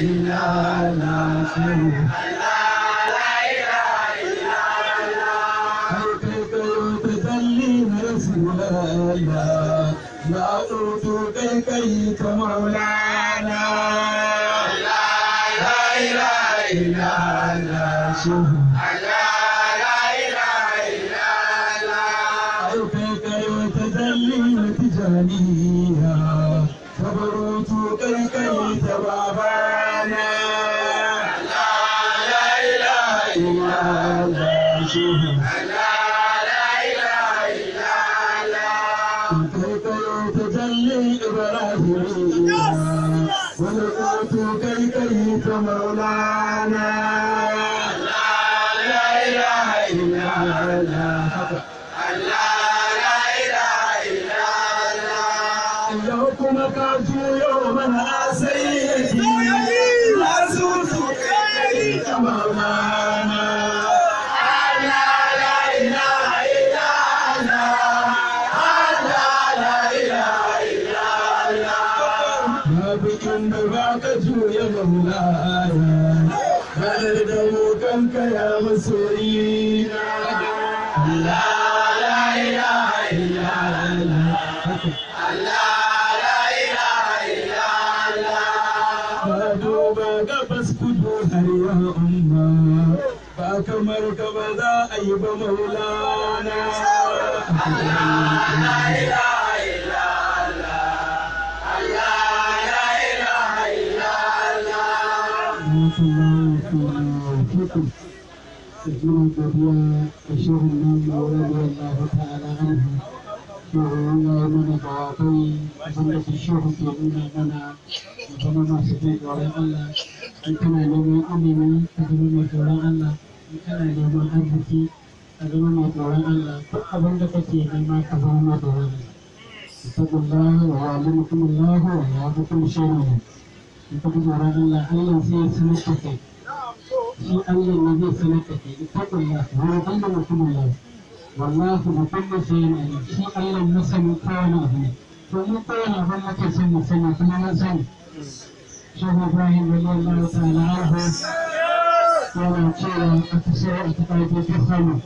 إلا الله لا تؤتوا كيف مولانا لا إله إلا Jehovah. مولانا الله لا إله إلا الله الله لا إله إلا الله الجنة الربيع الشيخ النبي رضي الله تعالى عنه وهو من تعاطي وصلة الشيخ الكريم لنا وتمام صديق ولا الله وكان لنا أمني وتمام ولا الله وكان لنا أرضي كلمة أن أبن تكتي بما كفرنا به اتقوا الله ويعلمكم الله ويعظكم شيئا اتقوا الله إلا أن في سنتك في أن النبي سنتك اتقوا الله ويعلمكم الله والله بكل شيء في أن المسلم كان أبنك فإن كان أبنك سنة سنة فما سنة شيخ إبراهيم رضي الله تعالى عنه قال أكثر اعتقادي تفهمه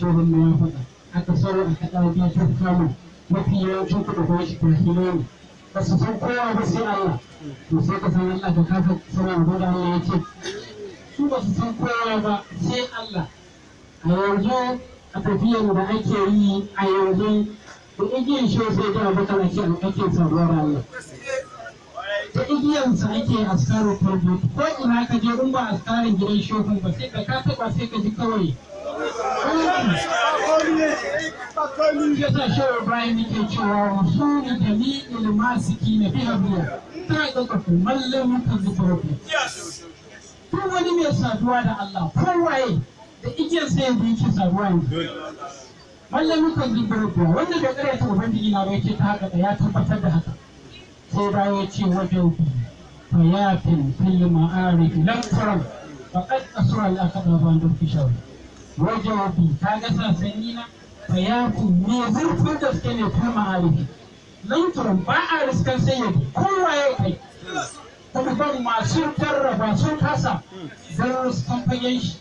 tsohon muwafaka aka samu aka kama mafi yawancin kuɗa kuma a kahina ne ba su san kowa ba sai Allah to sai ka san Allah ka kafa sana abu da Allah su ba su san kowa ba sai Allah a yanzu a tafiyar da ake yi a yanzu da igiyar shi sai ga abu kana ce a ake sabuwar Allah ta igiyarsa ake askarin farko ko ina ka je in ba askarin gidan shofin ba sai ka ka sai ka ji kawai ya sa shawar cewa wasu da dalilin masu wani mai saduwa da Allah kowaye da igiyar sai yanzu yake saduwa yanzu kan mutan zubaruku wanda bai ƙarata ubangiji na ba ta haka da ya tabbatar da haka sai bayan ya ce wajen fayafin fil ma'arif lam faram faqad asra al ban dufi shawar wajen wafi ta gasa sanyi na fayaku me zurfin gaske ne kuma nan lantarki ba a riskan sayyadi kowa ya kai kuma ban masu jarraba sun kasa don riskan fagen shi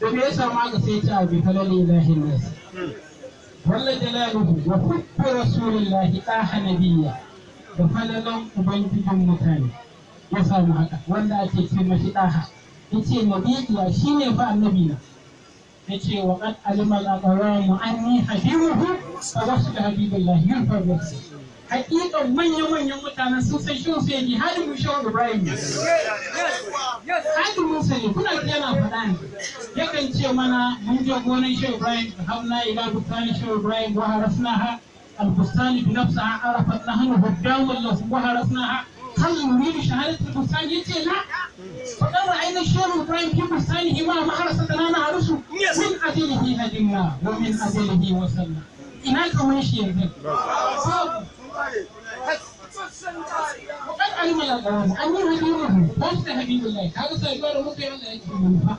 da me yasa ma ga sai ta abi falal ilahi nas walla jalaluhu wa hubbu rasulillahi daha nabiyya da falalan ubangijin mutane ya samu haka wanda ake ce mashi daha yace nabiya shine fa annabi na yace wa qad alima al-aqwam anni hadimuhu fa wasda habibillah yurfa bi hakikan manyan manyan mutanen sun san shi su yaji hadin mu shawar Ibrahim hadin mun ne kuna yana faɗa ne yakan ce mana mun je gonan shi Ibrahim hamna ila bukani shi Ibrahim wa harasnaha al-bustani bi nafsiha arafat nahnu hujjamu lahu wa harasnaha هل يريد شهادة البستان يتي لا فقال رأينا الشيخ إبراهيم في بستانه ما مخلصة لنا عرسه من أجله هدمنا ومن أجله وسلم هناك من شيخ وقد علم الأقوام أني هديمه لست هديم الله هذا سيقول مطيع الله يكفي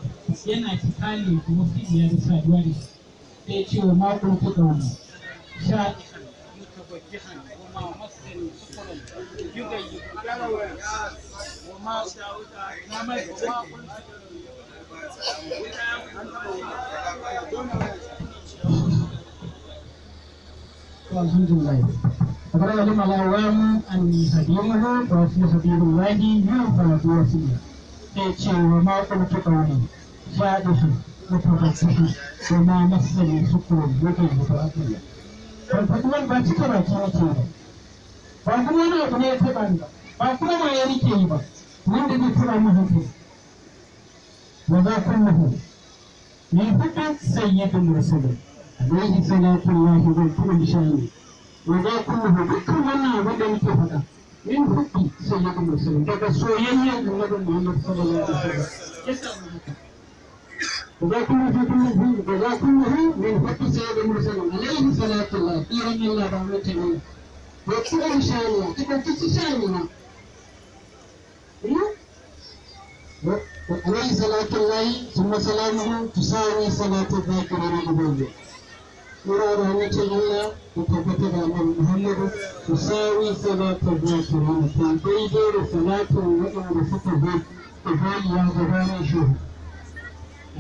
yana ci kale da wasu iyalin saduwa da shi sai ce wa mako ta ɗauri والجحن وما مص سفر يغيب وما نمل وما الحمد لله فقد علم العوام أني هديمه وفي سبيل الله ينفع بوسيله فيتشي وما قلت قولي فادحا وتوقع وما مسني سكر وكيف تؤديه ban faɗi wani ba cika baki nake ba ba kuma wani abu ne ya taɓa ni ba kuma ma ya rike yi ba wanda zai taɓa mu hankali wa za kulluhu ni faɗa sayyidul mursalin alaihi salatu wallahi wa kullu shay'in wa za kulluhu dukkan wannan abin da nake faɗa min hubbi sayyidul mursalin daga soyayyen annabi Muhammad sallallahu alaihi wasallam وذاكم في كل دين وذاكم من فضل سيد المرسلين عليه صلاة الله في رمي الله رحمته وكسر شانية تكتس شانية عليه صلاة الله ثم سلامه تساوي صلاة الذاكرين الأبوية إلى رحمة الله وتفتد عن محمد تساوي صلاة الذاكرين فالبيدر صلاة الوضع وفتح الهي يا زبان شهر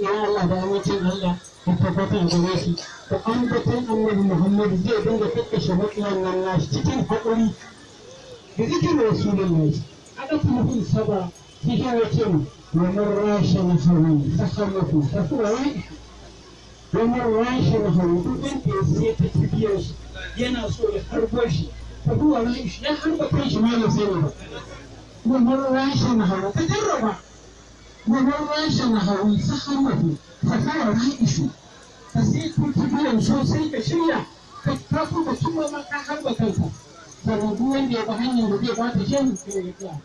ya Allah da yawancin Allah da tabbata gare shi da ambaton annabi Muhammad zai dinga kakkashe maƙiyan nan nashi cikin haƙuri da zikin rasulun ne aka kuma fi saba cikin wakin ومن راشي نحوي تصرفوا تفوعي ومن راشي نحوي دون بيسيت تبيش ينا سوي حربوش فهو رايش لا حرب كيش ما يصير ومن راشي نحوي تجربه ومن شرحه سخره فصار رائشه فسيت تبين sosai ka shirya ka tafi da tuma ma ka duk wanda ya bi hanyar da zai bata shehu ya tsaya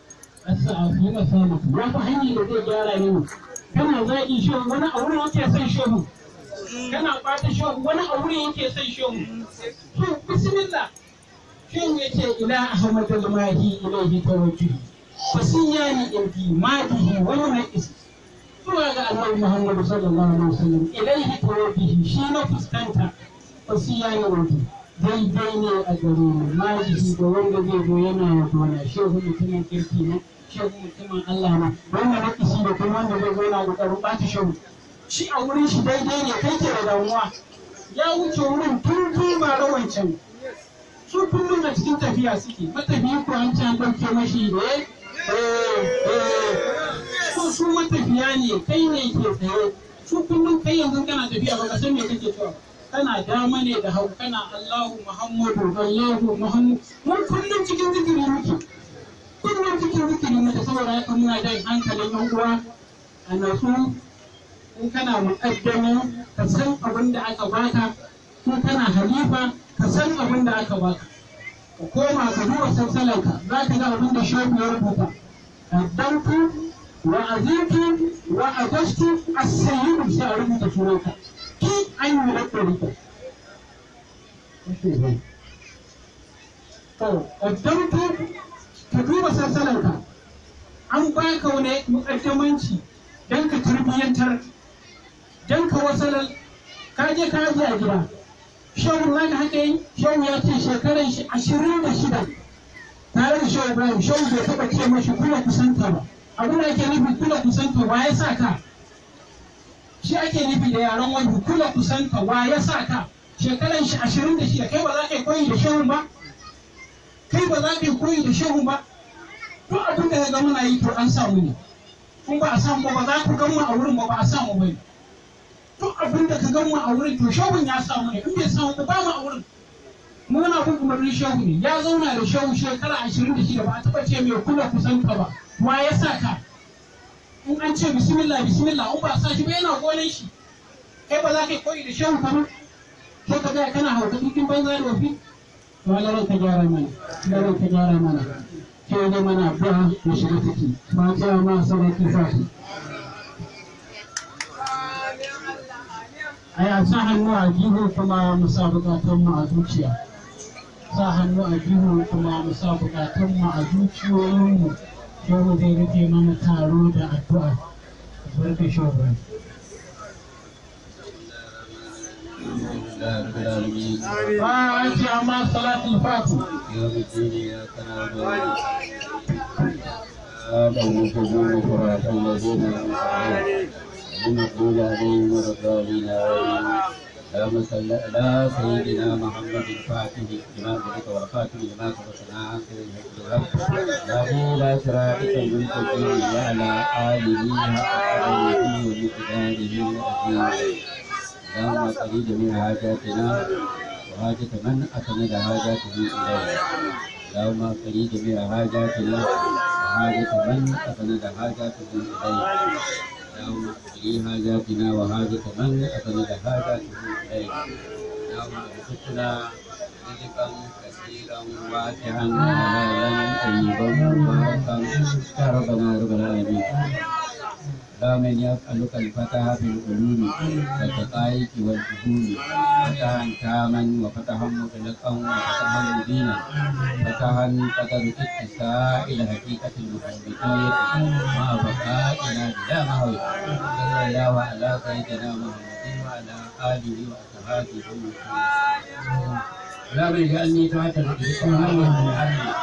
asafu ya samu ya bi hanyar da zai gyara ne kana zagi shehu wani a wurin yake son shehu kana bata shehu wani a wurin yake son فسياني في ماله ونيئسه zuwa ga annabi Muhammad sallallahu alaihi wasallam ilaihi tawfihi shi na fuskanta wasiya ne wato daidai ne a gare ni majihi da wanda zai zo yana wato na shehu mutumin kirki ne shehu mutumin Allah ne. wanda na kishi da kuma wanda zai zo yana da karu ɓata shehu shi a wurin shi daidai ne kai ke da damuwa ya wuce wurin tun tuma rawan can su kullum a cikin tafiya suke matafiyi ko an can ɗauke mashi da Eh, eh. so su matafiya ne kai ne ke tsaye su kullum kai yanzu kana tafiya ba ka san me kake cewa kana dama ne da hau kana Allahu Muhammadu Allahu Muhammadu mun kullum cikin zikiri muke kullum cikin zikiri muke saboda haka muna jan hankalin yan uwa a nasu in kana muƙaddami ka san abin da aka baka in kana halifa ka san abin da aka baka ku koma ka duba sassalanka za ka ga abin da shafi ya rubuta addanku wa aziki wa ajastu as sai a rubuta sunanka ki an yi laƙarika to addanku ka duba sassalanka an baka wani muƙaddamanci don ka tarbiyyantar don ka wasalar ka je ka a gida shan wani hakin shan ya ce shekaran shi ashirin da shida tare da shan ibrahim shan bai taɓa ce mashi kula kusanta ba abin da ake nufi kula kusanta wa ya sa ka shi ake nufi da yaran wani kula kusanta wa ya sa ka shekaran shi ashirin da shida kai ba za ka yi koyi da shehun ba kai ba za ka yi koyi da shehun ba duk abin da ya ga muna yi to an samu ne kun ba a samu ba za ku gama a wurin ba ba a samu ba ne duk abin da ka gan mu a wurin to shehun ya samu ne in bai samu ba mu a wurin mu kun kuma umarnin shehu ne ya zauna da shehu shekara ashirin da shida ba a taɓa ce mai kula ka ba wa ya sa ka in an ce bismillah bismillah in ba sa shi ba yana gonan shi kai ba za ka koyi da shehu kamar ko ka gaya kana hauka cikin banza da wafi to Allah ka gyara mana Allah ka gyara mana ke ne mana ba mu shiga ciki ma ta ma sarki fati ai sa hannu a jihu kuma mu sa bukatun mu a zuciya sa hannu a jihu kuma mu sa bukatun mu a zuciyoyin mu yau zai rike mana taro da addu'a barka shogun وأنت أما صلاة الفاتحة يوم الدين إياك نعبد وإياك نستعين آمنوا قبول فرات الذين أنعمت المغضوب عليهم ولا الضالين اللهم صل على سيدنا محمد الفاتح لما أمرك والخاتم لما سبق ناصر الحق بالحق الذي لا صراطك المنتقم وعلى آله حق قدره ومقداره العظيم اللهم قل جميع حاجاتنا وحاجة من أسند حاجاته إليك اللهم قل جميع حاجاتنا وحاجة من أسند حاجاته إليك اللهم نعم، اقضي حاجاتنا وحاجة من أسند حاجاته إليك اللهم نعم، ارزقنا رزقا كثيرا واسعا حلالا طيبا مباركا يا ربنا رب العالمين kamen ya kalli kalifata hafin ƙuluni da ta tsaye kiwar ƙuluni ta hanta man wa fata hannu da lakon wa fata hannu dina ta ta hannu ta ta rufe ta sa ila hakikatin da kan biki ya ta ma ba ka da dama hau Allah ya wa alaƙa ta dama ta hafi ƙuluni. Allah bai ga ni ta hata da ƙuluni.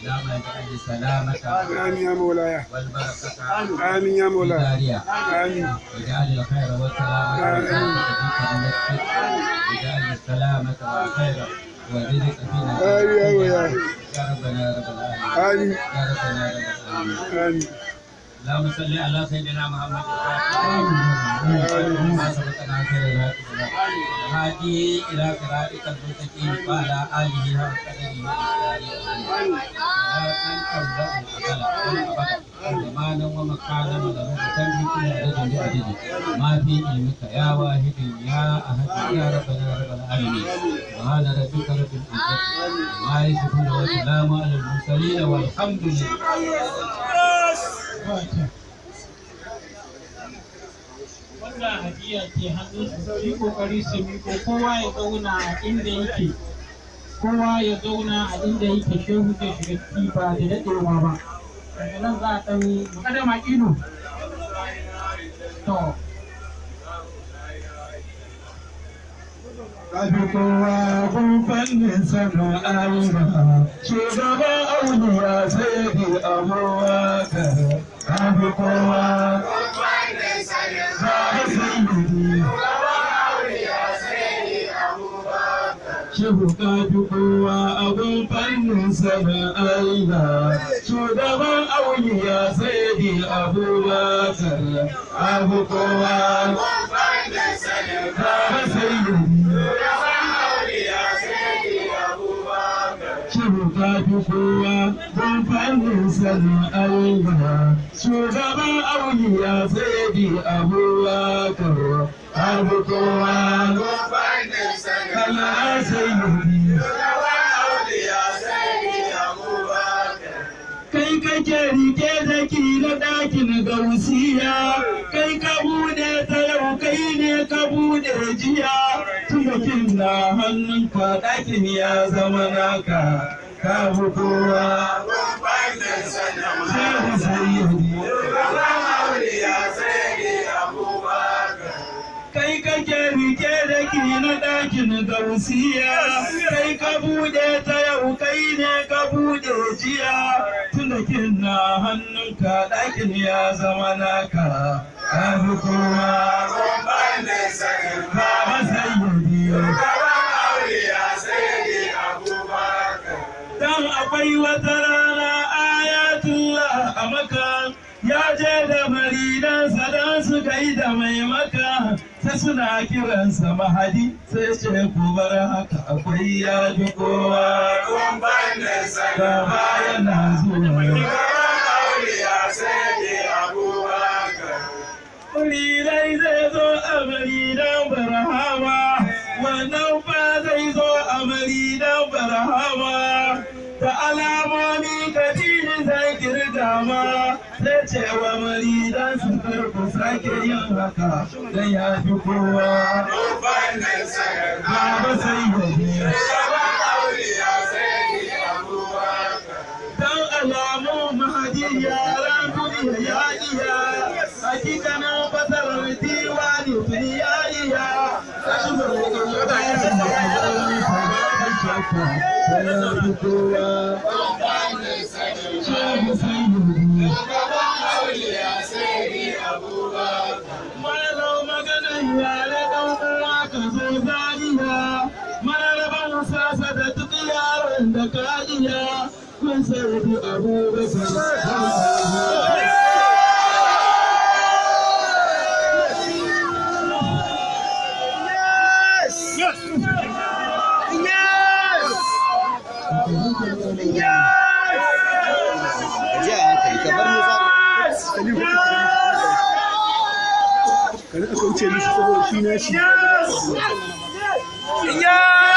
آمين يا مولاي آمين يا مولاي آمين اجعل الخير والسلامة اجعل السلامة والخير وزدك فينا آمين يا ربنا يا رب العالمين آمين يا ربنا يا رب العالمين آمين اللهم صل على سيدنا محمد هادي إلى قراءتك المتقين وعلى آله حق قدره زمانا ومكانا وظروف تنبت عدد بعدد ما في علمك يا واحد يا أحد يا ربنا رب العالمين سبحان ربك رب العزة ما يصفون وسلام على المرسلين والحمد لله Wannan hadiya ke hannun su yi kokari su miko kowa ya zauna a inda yake kowa ya zauna a inda yake shehu zai shiga ciki ba da daɗewa ba. Daga nan za a ɗan makadama ido. To, Kafi kowa kun fannin sanin Allah, shugaba auniya sai bi abuwa بقوة Shuka fi kowa abin fannin sama Allah, shugaban auliya sai di abubakar abu kowa. Baba sai Shuka fi kowa abin fannin sama Allah, shugaban auliya zai bi abubakar abu kowa Kala sakala sai bi shugaban ke kake rike da na dakin gausiya kai ka bude ta yau kai ne ka bude jiya tumakin na hannunka dakin ya zama naka ka kowa ɗakin gausiya kai ka buɗe ta yau kai ne ka buɗe jiya tulakin na hannunka ɗakin ya zama naka ka fi kowa rumbar Dan akwai wata rana ayatullah a maka ya je da maridansa don su kai da mai ta suna kiransa mahadi sai ce bar haka akwai ya bi kowa kumban da sagaba yana zuwa dai zai zo a bari don barhawa wannan sake yin haka dan ya fi kowa baba sai ya biya dan alamu mahadi yaran duniya ya iya hakikanin fasarar diwani tun ya iya sashi Thank you. Yes! Yes! Yes!